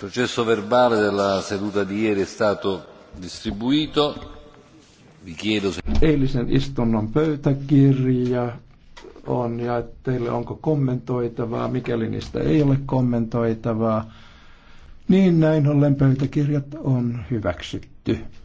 processo verbale della seduta di ieri è stato distribuito. Vi chiedo se... Eilisen istunnon pöytäkirja on ja teille onko kommentoitavaa, mikäli niistä ei ole kommentoitavaa, niin näin ollen pöytäkirjat on hyväksytty.